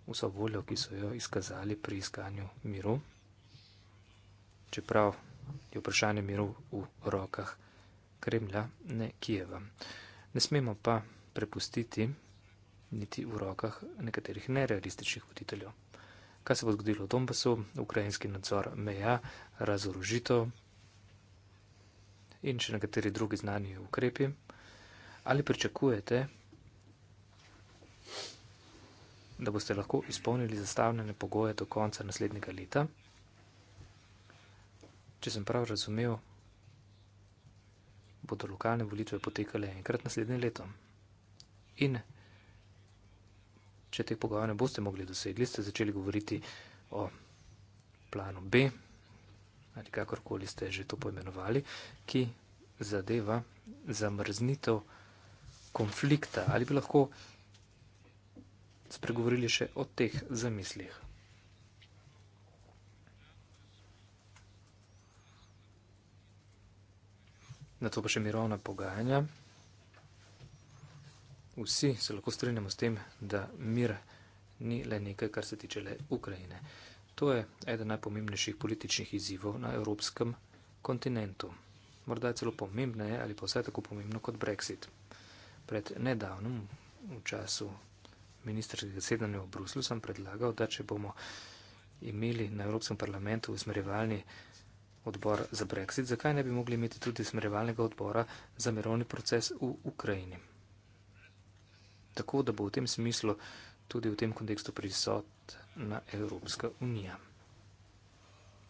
vso voljo, ki so jo izkazali pri iskanju miru, čeprav je vprašanje miru v rokah Kremlja, ne Kijeva. Ne smemo pa prepustiti niti v rokah nekaterih nerealističnih voditeljev. Kaj se bo zgodilo v Donbasu, ukrajinski nadzor meja, razorožitev in še nekateri drugi znani ukrepi? Ali pričakujete, da boste lahko izpolnili zastavljene pogoje do konca naslednjega leta? Če sem prav razumel, bodo lokalne volitve potekale enkrat naslednje leto. In če teh pogajanj ne boste mogli dosegli, ste začeli govoriti o planu B ali kakorkoli ste že to poimenovali, ki zadeva zamrznitev konflikta. Ali bi lahko spregovorili še o teh zamislih? Na to pa še mirovna pogajanja vsi se lahko strinjamo s tem, da mir ni le nekaj, kar se tiče le Ukrajine. To je eden najpomembnejših političnih izzivov na evropskem kontinentu. Morda celo pomembneje ali pa vsaj tako pomembno kot Brexit. Pred nedavnim, v času ministrskega sedanja v Bruslu, sem predlagal, da če bomo imeli na Evropskem parlamentu usmerjevalni odbor za Brexit, zakaj ne bi mogli imeti tudi usmerjevalnega odbora za mirovni proces v Ukrajini tako da bo v tem smislu tudi v tem kontekstu prisotna Evropska unija.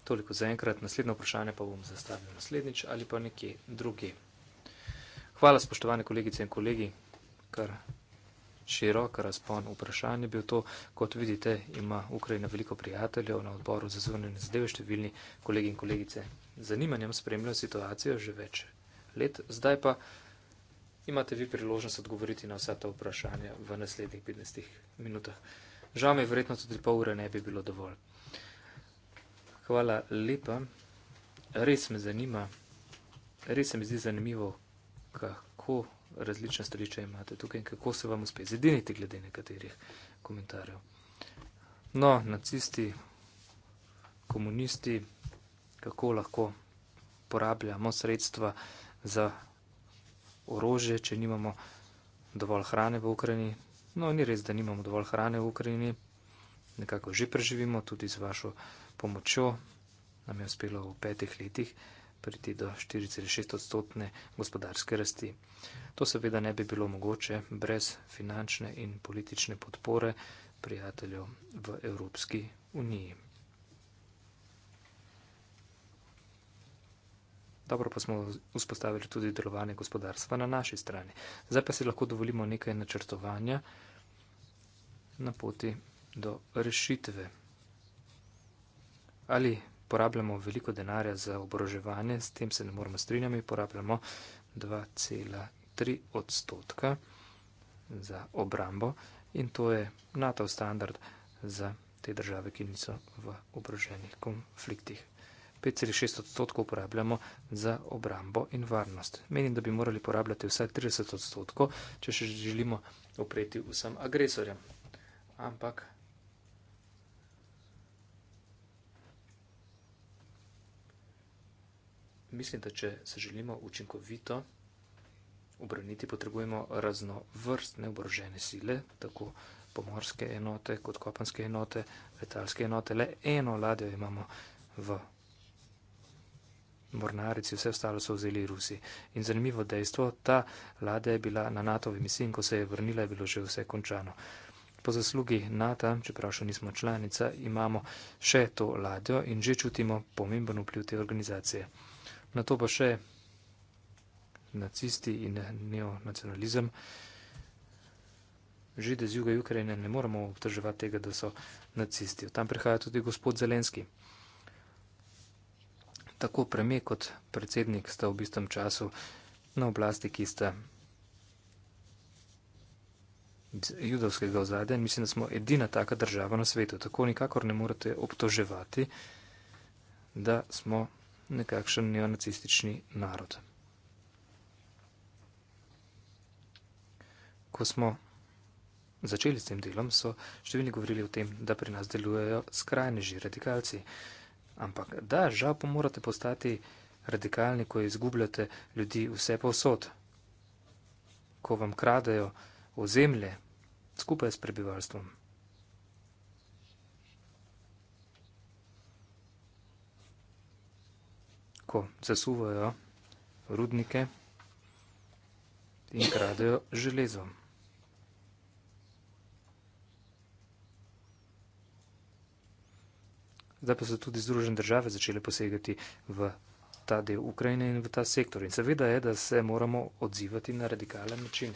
Toliko za enkrat, naslednje vprašanje pa bom zastavil naslednjič ali pa nekje druge. Hvala spoštovane kolegice in kolegi, kar širok razpon vprašanje bil to. Kot vidite, ima Ukrajina veliko prijateljev na odboru za zvonjene zadeve, številni kolegi in kolegice zanimanjem spremljajo situacijo že več let. Zdaj pa imate vi priložnost odgovoriti na vsa ta vprašanja v naslednjih 15 minutah. Žal mi je verjetno tudi pol ure ne bi bilo dovolj. Hvala lepa. Res me zanima, res se mi zdi zanimivo, kako različna stališča imate tukaj in kako se vam uspe zediniti glede nekaterih komentarjev. No, nacisti, komunisti, kako lahko porabljamo sredstva za orožje, če nimamo dovolj hrane v Ukrajini. No, ni res, da nimamo dovolj hrane v Ukrajini, nekako že preživimo, tudi z vašo pomočjo nam je uspelo v petih letih priti do 4,6 odstotne gospodarske rasti. To seveda ne bi bilo mogoče brez finančne in politične podpore prijateljev v Evropski uniji. Dobro pa smo vzpostavili tudi delovanje gospodarstva na naši strani. Zdaj pa si lahko dovolimo nekaj načrtovanja na poti do rešitve. Ali porabljamo veliko denarja za obroževanje, s tem se ne moramo strinjati, porabljamo 2,3 odstotka za obrambo in to je NATO standard za te države, ki niso v obroženih konfliktih. 5,6 odstotkov uporabljamo za obrambo in varnost. Menim, da bi morali porabljati vsaj 30 odstotkov, če še želimo upreti vsem agresorjem. Ampak. Mislim, da če se želimo učinkovito obroniti, potrebujemo raznovrstne oborožene sile, tako pomorske enote kot kopanske enote, letalske enote. Le eno ladjo imamo v mornarici, vse ostalo so vzeli Rusi. In zanimivo dejstvo, ta lada je bila na NATO-vi misiji in ko se je vrnila, je bilo že vse končano. Po zaslugi NATO, čeprav še nismo članica, imamo še to ladjo in že čutimo pomemben vpliv te organizacije. Na to pa še nacisti in neonacionalizem. Žide z juga Ukrajine ne moremo obtrževati tega, da so nacisti. Tam prihaja tudi gospod Zelenski tako premijer kot predsednik sta v istem času na oblasti, ki sta iz judovskega ozadja in mislim, da smo edina taka država na svetu. Tako nikakor ne morete obtoževati, da smo nekakšen neonacistični narod. Ko smo začeli s tem delom, so številni govorili o tem, da pri nas delujejo skrajneži radikalci. Ampak da, žal pa morate postati radikalni, ko izgubljate ljudi vse povsod, ko vam kradejo ozemlje skupaj s prebivalstvom. Ko zasuvajo rudnike in kradejo železo. zdaj pa so tudi Združene države začele posegati v ta del Ukrajine in v ta sektor. In seveda je, da se moramo odzivati na radikalen način.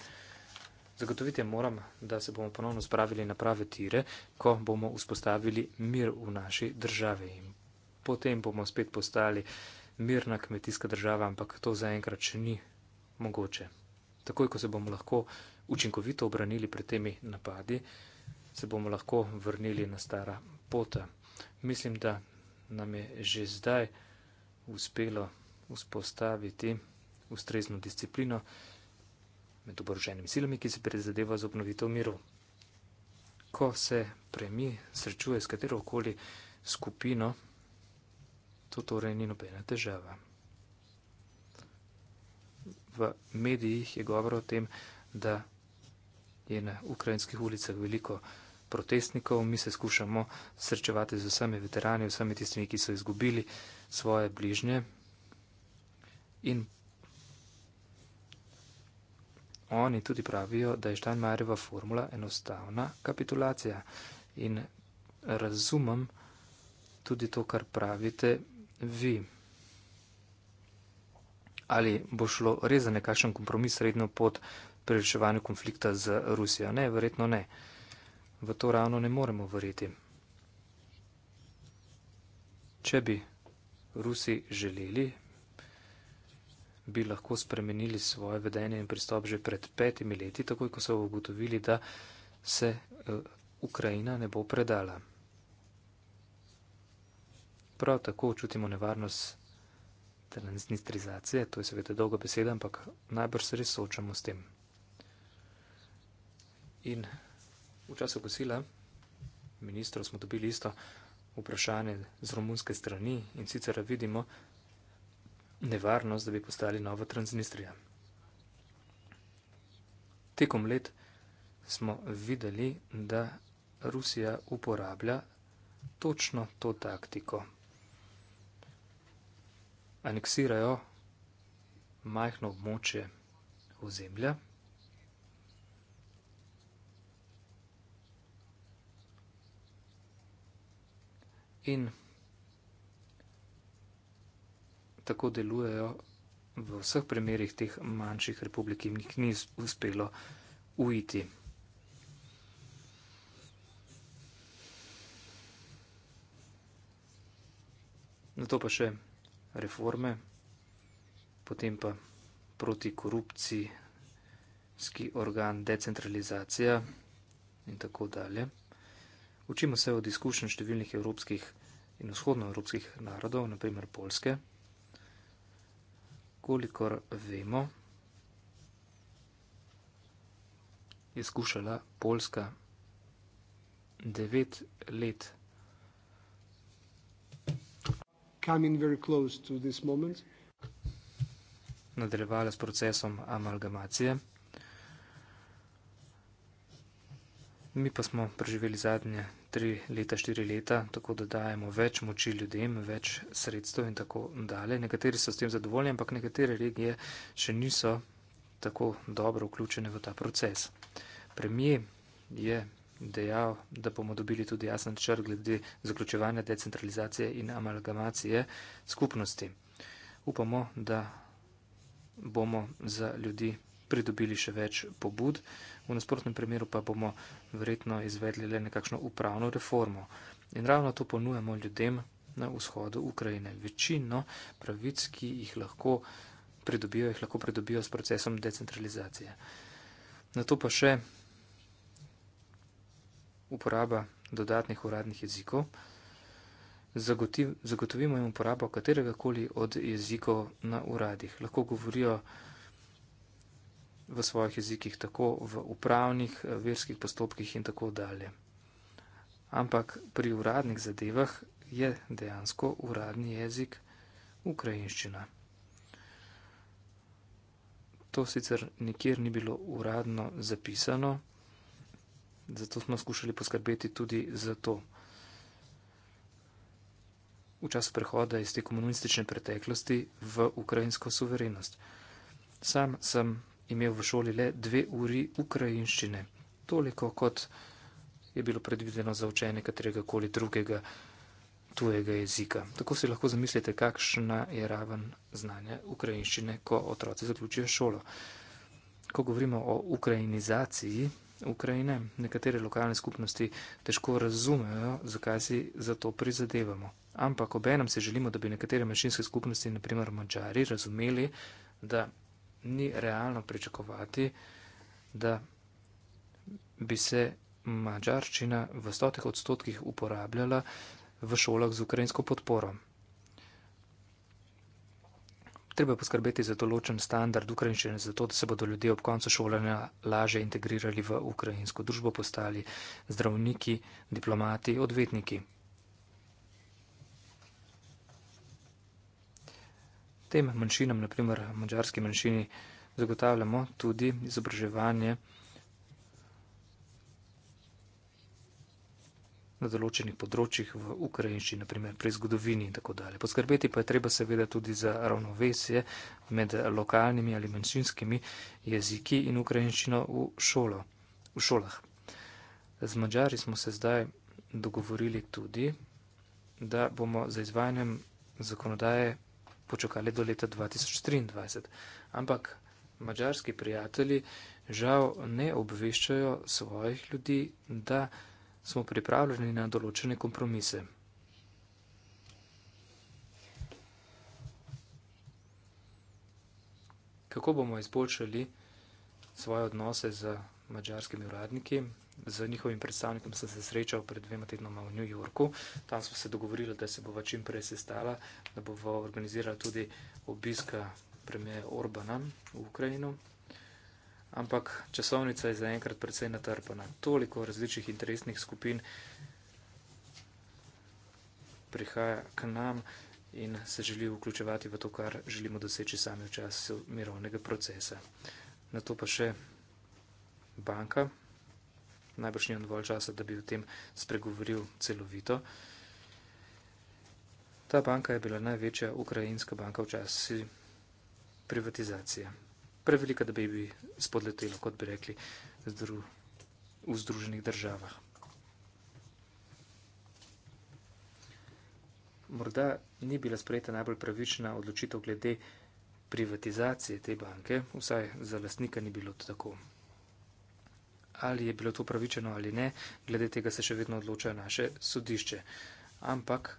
Zagotoviti moram, da se bomo ponovno spravili na prave tire, ko bomo vzpostavili mir v naši državi. In potem bomo spet postali mirna kmetijska država, ampak to zaenkrat še ni mogoče. Takoj, ko se bomo lahko učinkovito obranili pred temi napadi, se bomo lahko vrnili na stara pota. Mislim, da nam je že zdaj uspelo vzpostaviti ustrezno disciplino med oboroženimi silami, ki se prizadeva za obnovitev miru. Ko se premi srečuje s katero okoli skupino, to torej ni nobena težava. V medijih je govor o tem, da je na ukrajinskih ulicah veliko protestnikov, mi se skušamo srečevati z vsemi veterani, vsemi tistimi, ki so izgubili svoje bližnje. In oni tudi pravijo, da je Štajnmajerova formula enostavna kapitulacija. In razumem tudi to, kar pravite vi. Ali bo šlo res za nekakšen kompromis srednjo pot pri reševanju konflikta z Rusijo? Ne, verjetno ne. Uh, v to ravno ne moremo verjeti. Če bi Rusi želeli, bi lahko spremenili svoje vedenje in pristop že pred petimi leti, takoj ko so ugotovili, da se eh, Ukrajina ne bo predala. Prav tako čutimo nevarnost transnistrizacije, to je seveda dolga beseda, ampak najbrž se res soočamo s tem. In V času kosila ministrov smo dobili isto vprašanje z romunske strani in sicer vidimo nevarnost, da bi postali nova Transnistrija. Tekom let smo videli, da Rusija uporablja točno to taktiko. Aneksirajo majhno območje ozemlja, in tako delujejo v vseh primerjih teh manjših republik, ki jih ni uspelo ujiti. Na to pa še reforme, potem pa proti korupciji, ski organ, decentralizacija in tako dalje. Učimo se od izkušenj številnih evropskih in vzhodnoevropskih narodov, naprimer polske, kolikor vemo, je skušala Polska devet let. Nadaljevala s procesom amalgamacije. Mi pa smo preživeli zadnje tri leta, štiri leta, tako da dajemo več moči ljudem, več sredstev in tako dalje. Nekateri so s tem zadovoljni, ampak nekatere regije še niso tako dobro vključene v ta proces. Premije je dejal, da bomo dobili tudi jasen črk glede zaključevanja decentralizacije in amalgamacije skupnosti. Upamo, da bomo za ljudi pridobili še več pobud, v nasprotnem primeru pa bomo verjetno izvedli le nekakšno upravno reformo. In ravno to ponujemo ljudem na vzhodu Ukrajine. Večino pravic, ki jih lahko pridobijo, jih lahko pridobijo s procesom decentralizacije. Na to pa še uporaba dodatnih uradnih jezikov. Zagotovimo jim uporabo kateregakoli od jezikov na uradih. Lahko govorijo v svojih jezikih, tako v upravnih, eh, verskih postopkih in tako dalje. Ampak pri uradnih zadevah je dejansko uradni jezik ukrajinščina. To sicer nikjer ni bilo uradno zapisano, zato smo skušali poskrbeti tudi za to. V času prehoda iz te komunistične preteklosti v ukrajinsko suverenost. Sam sem imel v šoli le dve uri ukrajinščine, toliko kot je bilo predvideno za učenje katerega koli drugega tujega jezika. Tako si lahko zamislite, kakšna je raven znanja ukrajinščine, ko otroci zaključijo šolo. Ko govorimo o ukrajinizaciji Ukrajine, nekatere lokalne skupnosti težko razumejo, zakaj si za to prizadevamo. Ampak obenem se želimo, da bi nekatere manjšinske skupnosti, naprimer mačari, razumeli, da ni realno pričakovati, da bi se mačarščina v stotih odstotkih uporabljala v šolah z ukrajinsko podporo. Treba poskrbeti za določen standard ukrajinščine, zato da se bodo ljudje ob koncu šolanja laže integrirali v ukrajinsko družbo, postali zdravniki, diplomati, odvetniki. tem manjšinam, naprimer mađarski manjšini, zagotavljamo tudi izobraževanje na določenih področjih v ukrajinščini, naprimer pri zgodovini in tako dalje. Poskrbeti pa je treba seveda tudi za ravnovesje med lokalnimi ali manjšinskimi jeziki in ukrajinščino v, šolo, v šolah. Z mađari smo se zdaj dogovorili tudi, da bomo za izvajanjem zakonodaje počakali do leta 2023. Ampak mađarski prijatelji žal ne obveščajo svojih ljudi, da smo pripravljeni na določene kompromise. Kako bomo izboljšali svoje odnose z mađarskimi uradniki. Z njihovim predstavnikom sem se srečal pred dvema tednoma v New Yorku. Tam smo se dogovorili, da se bova čim prej sestala, da bova organizirala tudi obiska premije Orbana v Ukrajino. Ampak časovnica je zaenkrat precej natrpana. Toliko različnih interesnih skupin prihaja k nam in se želi vključevati v to, kar želimo doseči sami v času mirovnega procesa. Na to pa še banka. Najbrž nimam dovolj časa, da bi o tem spregovoril celovito. Ta banka je bila največja ukrajinska banka v času privatizacije. Prevelika, da bi bi spodletela, kot bi rekli, v Združenih državah. Morda ni bila sprejeta najbolj pravična odločitev glede privatizacije te banke, vsaj za lastnika ni bilo to tako ali je bilo to pravičeno ali ne, glede tega se še vedno odloča naše sodišče. Ampak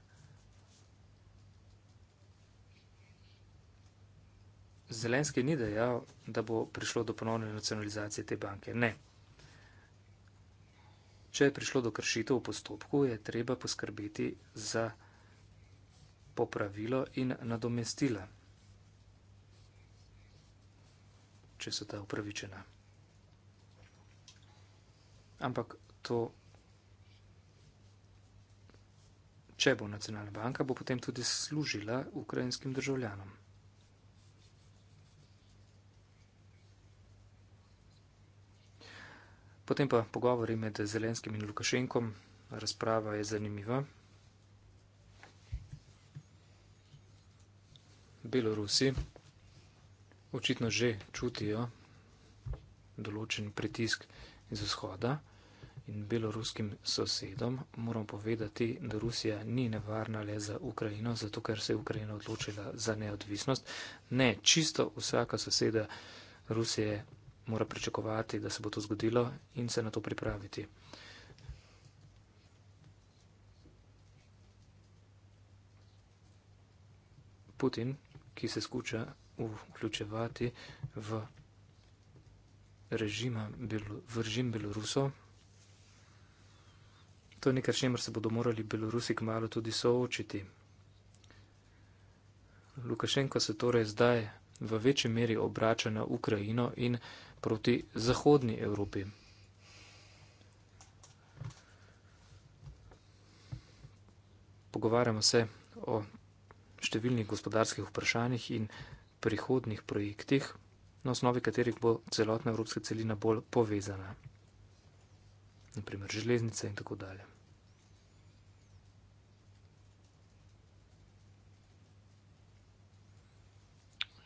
Zelenski ni dejal, da bo prišlo do ponovne nacionalizacije te banke. Ne. Če je prišlo do kršitev v postopku, je treba poskrbeti za popravilo in nadomestila, če so ta upravičena ampak to, če bo nacionalna banka, bo potem tudi služila ukrajinskim državljanom. Potem pa pogovori med Zelenskim in Lukašenkom, razprava je zanimiva. Belorusi očitno že čutijo določen pritisk iz vzhoda in beloruskim sosedom, moram povedati, da Rusija ni nevarna le za Ukrajino, zato ker se je Ukrajina odločila za neodvisnost. Ne, čisto vsaka soseda Rusije mora pričakovati, da se bo to zgodilo in se na to pripraviti. Putin, ki se skuča vključevati v, režima, v režim Belorusov, To je nekaj, s čimer se bodo morali Belorusi kmalo tudi soočiti. Lukašenko se torej zdaj v večji meri obrača na Ukrajino in proti Zahodni Evropi. Pogovarjamo se o številnih gospodarskih vprašanjih in prihodnih projektih, na osnovi katerih bo celotna evropska celina bolj povezana naprimer železnice in tako dalje.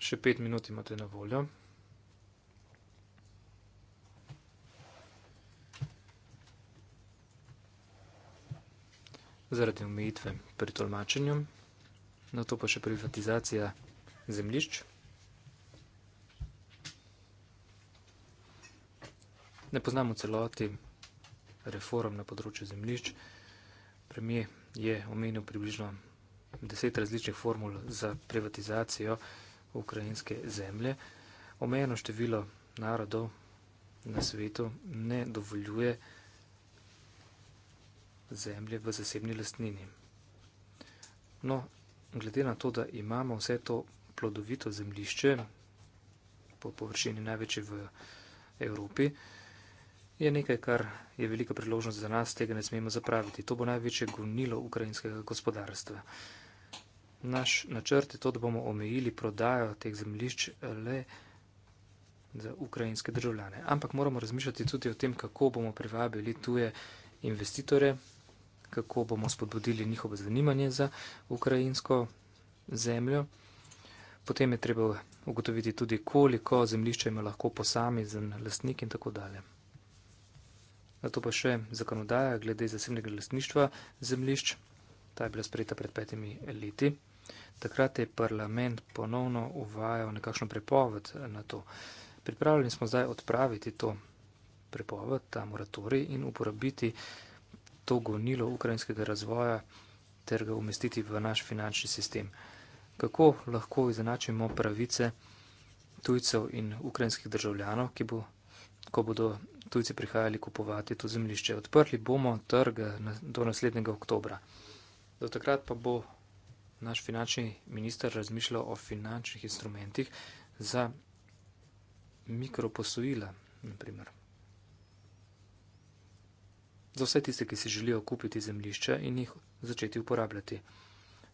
Še pet minut imate na voljo. Zaradi omejitve pri tolmačenju, na to pa še privatizacija zemljišč. Ne poznamo celoti, reform na področju zemljišč. Premijer je omenil približno deset različnih formul za privatizacijo ukrajinske zemlje. Omejeno število narodov na svetu ne dovoljuje zemlje v zasebni lastnini. No, glede na to, da imamo vse to plodovito zemljišče po površini največje v Evropi, je nekaj, kar je velika priložnost za nas, tega ne smemo zapraviti. To bo največje gonilo ukrajinskega gospodarstva. Naš načrt je to, da bomo omejili prodajo teh zemljišč le za ukrajinske državljane. Ampak moramo razmišljati tudi o tem, kako bomo privabili tuje investitore, kako bomo spodbudili njihovo zanimanje za ukrajinsko zemljo. Potem je treba ugotoviti tudi, koliko zemljišča ima lahko posamezen lastnik in tako dalje zato pa še zakonodaja glede zasebnega lastništva zemlišč, ta je bila sprejeta pred petimi leti. Takrat je parlament ponovno uvajal nekakšno prepoved na to. Pripravljeni smo zdaj odpraviti to prepoved, ta moratorij in uporabiti to gonilo ukrajinskega razvoja ter ga umestiti v naš finančni sistem. Kako lahko izenačimo pravice tujcev in ukrajinskih državljanov, ki bo ko bodo tujci prihajali kupovati to zemljišče. Odprli bomo trg do naslednjega oktobra. Do takrat pa bo naš finančni minister razmišljal o finančnih instrumentih za mikroposojila, naprimer. Za vse tiste, ki si želijo kupiti zemljišče in jih začeti uporabljati.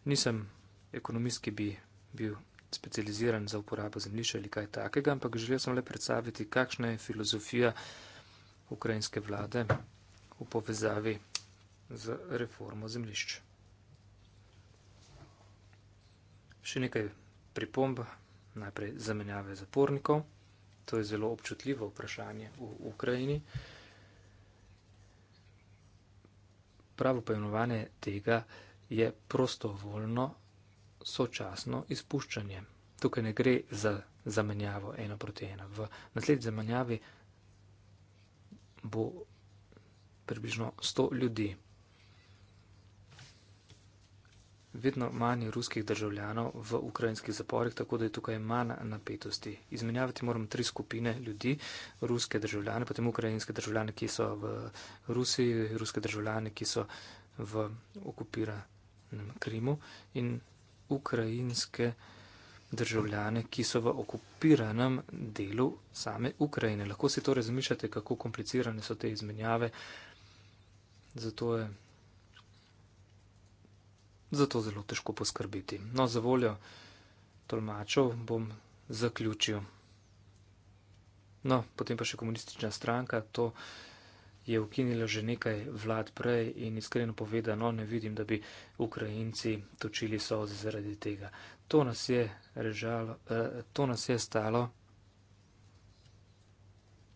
Nisem ekonomist, ki bi bil specializiran za uporabo zemljišča ali kaj takega, ampak želel sem le predstaviti, kakšna je filozofija ukrajinske vlade v povezavi z reformo zemljišč. Še nekaj pripomb, najprej zamenjave zapornikov. To je zelo občutljivo vprašanje v Ukrajini. Pravo pojmovanje tega je prostovoljno sočasno izpuščanje. Tukaj ne gre za zamenjavo ena proti ena. V naslednji zamenjavi bo približno 100 ljudi. Vedno manj ruskih državljanov v ukrajinskih zaporih, tako da je tukaj manj napetosti. Izmenjavati moram tri skupine ljudi, ruske državljane, potem ukrajinske državljane, ki so v Rusiji, ruske državljane, ki so v okupiranem Krimu in ukrajinske državljane, ki so v okupiranem delu same Ukrajine. Lahko si torej zamišljate, kako komplicirane so te izmenjave. Zato je zato zelo težko poskrbiti. No, za voljo tolmačev bom zaključil. No, potem pa še komunistična stranka. To je je ukinilo že nekaj vlad prej in iskreno povedano, ne vidim, da bi Ukrajinci točili soze zaradi tega. To nas je, režalo, eh, to nas je stalo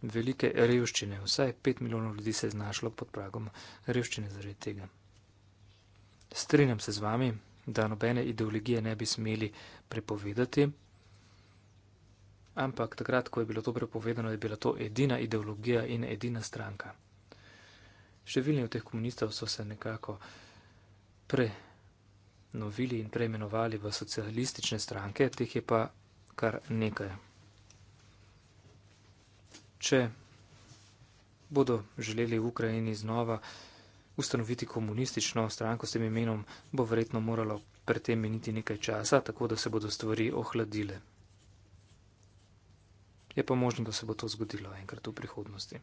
velike revščine. Vsaj pet milijonov ljudi se je znašlo pod pragom revščine zaradi tega. Strinjam se z vami, da nobene ideologije ne bi smeli prepovedati. Ampak takrat, ko je bilo to prepovedano, je bila to edina ideologija in edina stranka. Številni od teh komunistov so se nekako prenovili in preimenovali v socialistične stranke, teh je pa kar nekaj. Če bodo želeli v Ukrajini znova ustanoviti komunistično stranko s tem imenom, bo verjetno moralo pred tem meniti nekaj časa, tako da se bodo stvari ohladile. Je pa možno, da se bo to zgodilo enkrat v prihodnosti.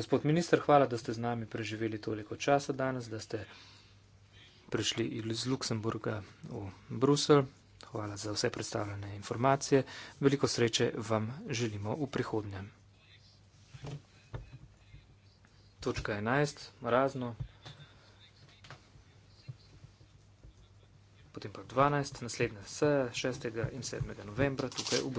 Gospod minister, hvala, da ste z nami preživeli toliko časa danes, da ste prišli iz Luksemburga v Brusel. Hvala za vse predstavljene informacije. Veliko sreče vam želimo v prihodnjem. Točka 11, razno. Potem pa 12, naslednja se 6. in 7. novembra tukaj v Brusel.